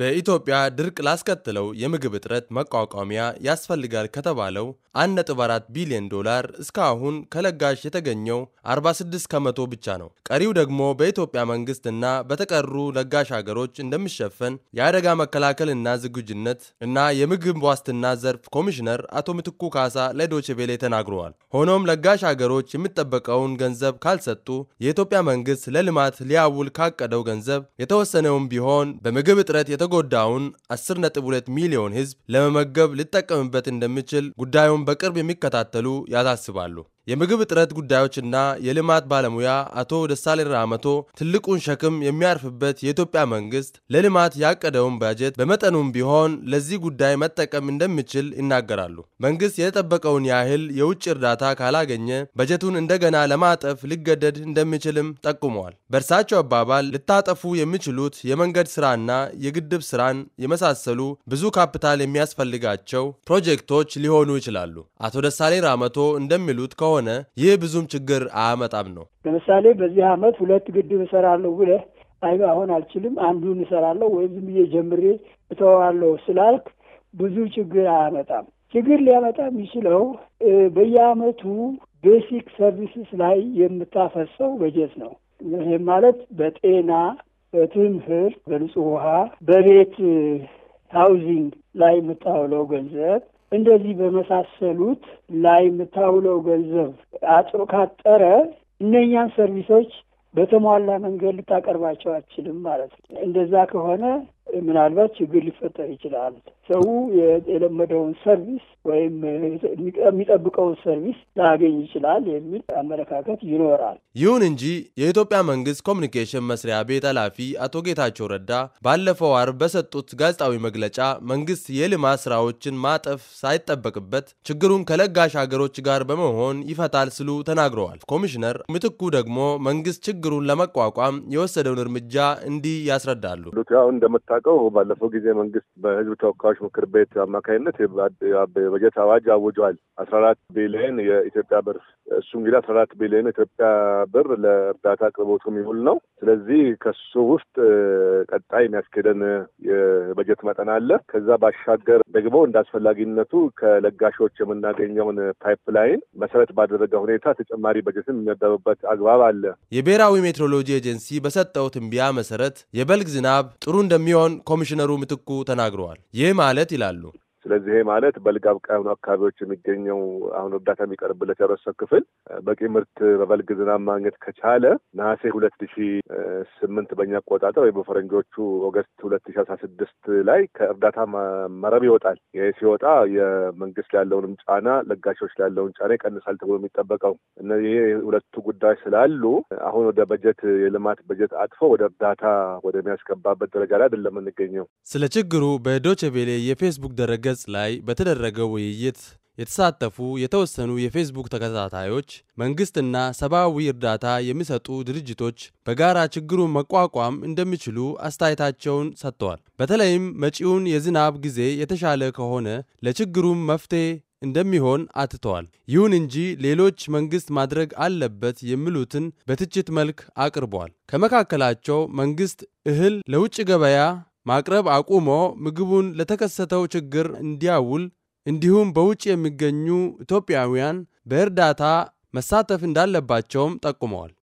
በኢትዮጵያ ድርቅ ላስከትለው የምግብ እጥረት መቋቋሚያ ያስፈልጋል ከተባለው 1.4 ቢሊዮን ዶላር እስካሁን ከለጋሽ የተገኘው 46 ከመቶ ብቻ ነው። ቀሪው ደግሞ በኢትዮጵያ መንግስትና በተቀሩ ለጋሽ ሀገሮች እንደሚሸፈን የአደጋ መከላከልና ዝግጁነት እና የምግብ ዋስትና ዘርፍ ኮሚሽነር አቶ ምትኩ ካሳ ለዶቼ ተናግረዋል። ሆኖም ለጋሽ አገሮች የሚጠበቀውን ገንዘብ ካልሰጡ የኢትዮጵያ መንግስት ለልማት ሊያውል ካቀደው ገንዘብ የተወሰነውም ቢሆን በምግብ እጥረት የተጎዳውን 10.2 ሚሊዮን ህዝብ ለመመገብ ሊጠቀምበት እንደሚችል ጉዳዩን በቅርብ የሚከታተሉ ያሳስባሉ። የምግብ እጥረት ጉዳዮችና የልማት ባለሙያ አቶ ደሳለኝ ራመቶ ትልቁን ሸክም የሚያርፍበት የኢትዮጵያ መንግስት ለልማት ያቀደውን ባጀት በመጠኑም ቢሆን ለዚህ ጉዳይ መጠቀም እንደሚችል ይናገራሉ። መንግስት የተጠበቀውን ያህል የውጭ እርዳታ ካላገኘ በጀቱን እንደገና ለማጠፍ ሊገደድ እንደሚችልም ጠቁመዋል። በእርሳቸው አባባል ልታጠፉ የሚችሉት የመንገድ ስራና የግድብ ስራን የመሳሰሉ ብዙ ካፒታል የሚያስፈልጋቸው ፕሮጀክቶች ሊሆኑ ይችላሉ። አቶ ደሳለኝ ራመቶ እንደሚሉት ከሆነ ከሆነ ይህ ብዙም ችግር አያመጣም ነው። ለምሳሌ በዚህ ዓመት ሁለት ግድብ እሰራለሁ ብለህ አይ አሁን አልችልም አንዱን እሰራለሁ ወይም ዝም ብዬ ጀምሬ እተዋለሁ ስላልክ ብዙ ችግር አያመጣም። ችግር ሊያመጣ የሚችለው በየዓመቱ ቤሲክ ሰርቪስስ ላይ የምታፈሰው በጀት ነው። ይህም ማለት በጤና፣ በትምህርት፣ በንጹህ ውሃ፣ በቤት ሃውዚንግ ላይ የምታውለው ገንዘብ እንደዚህ በመሳሰሉት ላይ የምታውለው ገንዘብ አጥሮ ካጠረ እነኛን ሰርቪሶች በተሟላ መንገድ ልታቀርባቸው አትችልም ማለት ነው። እንደዛ ከሆነ ምናልባት ችግር ሊፈጠር ይችላል። ሰው የለመደውን ሰርቪስ ወይም የሚጠብቀውን ሰርቪስ ላያገኝ ይችላል የሚል አመለካከት ይኖራል። ይሁን እንጂ የኢትዮጵያ መንግስት ኮሚኒኬሽን መስሪያ ቤት ኃላፊ አቶ ጌታቸው ረዳ ባለፈው አርብ በሰጡት ጋዜጣዊ መግለጫ መንግስት የልማት ስራዎችን ማጠፍ ሳይጠበቅበት ችግሩን ከለጋሽ ሀገሮች ጋር በመሆን ይፈታል ስሉ ተናግረዋል። ኮሚሽነር ምትኩ ደግሞ መንግስት ችግሩን ለመቋቋም የወሰደውን እርምጃ እንዲህ ያስረዳሉ። ያው እንደምታ እንደምታውቀው ባለፈው ጊዜ መንግስት በህዝብ ተወካዮች ምክር ቤት አማካኝነት የበጀት አዋጅ አውጇል። አስራ አራት ቢሊዮን የኢትዮጵያ ብር እሱ እንግዲህ አስራ አራት ቢሊዮን የኢትዮጵያ ብር ለእርዳታ አቅርቦቱ የሚውል ነው። ስለዚህ ከሱ ውስጥ ቀጣይ የሚያስኬደን የበጀት መጠን አለ። ከዛ ባሻገር ደግሞ እንደ አስፈላጊነቱ ከለጋሾች የምናገኘውን ፓይፕላይን መሰረት ባደረገ ሁኔታ ተጨማሪ በጀትን የሚመደብበት አግባብ አለ። የብሔራዊ ሜትሮሎጂ ኤጀንሲ በሰጠው ትንቢያ መሰረት የበልግ ዝናብ ጥሩ እንደሚሆን ኮሚሽነሩ ምትኩ ተናግረዋል። ይህ ማለት ይላሉ ስለዚህ ይሄ ማለት በልግ አብቃይ የሆኑ አካባቢዎች የሚገኘው አሁን እርዳታ የሚቀርብለት ያረሰብ ክፍል በቂ ምርት በበልግ ዝናብ ማግኘት ከቻለ ነሐሴ ሁለት ሺ ስምንት በእኛ አቆጣጠር ወይም በፈረንጆቹ ኦገስት ሁለት ሺ አስራ ስድስት ላይ ከእርዳታ መረብ ይወጣል። ይህ ሲወጣ የመንግስት ያለውንም ጫና ለጋሾች ያለውን ጫና ይቀንሳል ተብሎ የሚጠበቀው እነዚህ ሁለቱ ጉዳይ ስላሉ አሁን ወደ በጀት የልማት በጀት አጥፎ ወደ እርዳታ ወደሚያስገባበት ደረጃ ላይ አይደለም የምንገኘው። ስለ ችግሩ በዶቼ የፌስቡክ ደረገ ገጽ ላይ በተደረገው ውይይት የተሳተፉ የተወሰኑ የፌስቡክ ተከታታዮች መንግስትና ሰብአዊ እርዳታ የሚሰጡ ድርጅቶች በጋራ ችግሩን መቋቋም እንደሚችሉ አስተያየታቸውን ሰጥተዋል። በተለይም መጪውን የዝናብ ጊዜ የተሻለ ከሆነ ለችግሩም መፍትሄ እንደሚሆን አትተዋል። ይሁን እንጂ ሌሎች መንግስት ማድረግ አለበት የሚሉትን በትችት መልክ አቅርቧል። ከመካከላቸው መንግስት እህል ለውጭ ገበያ ማቅረብ አቁሞ ምግቡን ለተከሰተው ችግር እንዲያውል እንዲሁም በውጭ የሚገኙ ኢትዮጵያውያን በእርዳታ መሳተፍ እንዳለባቸውም ጠቁመዋል።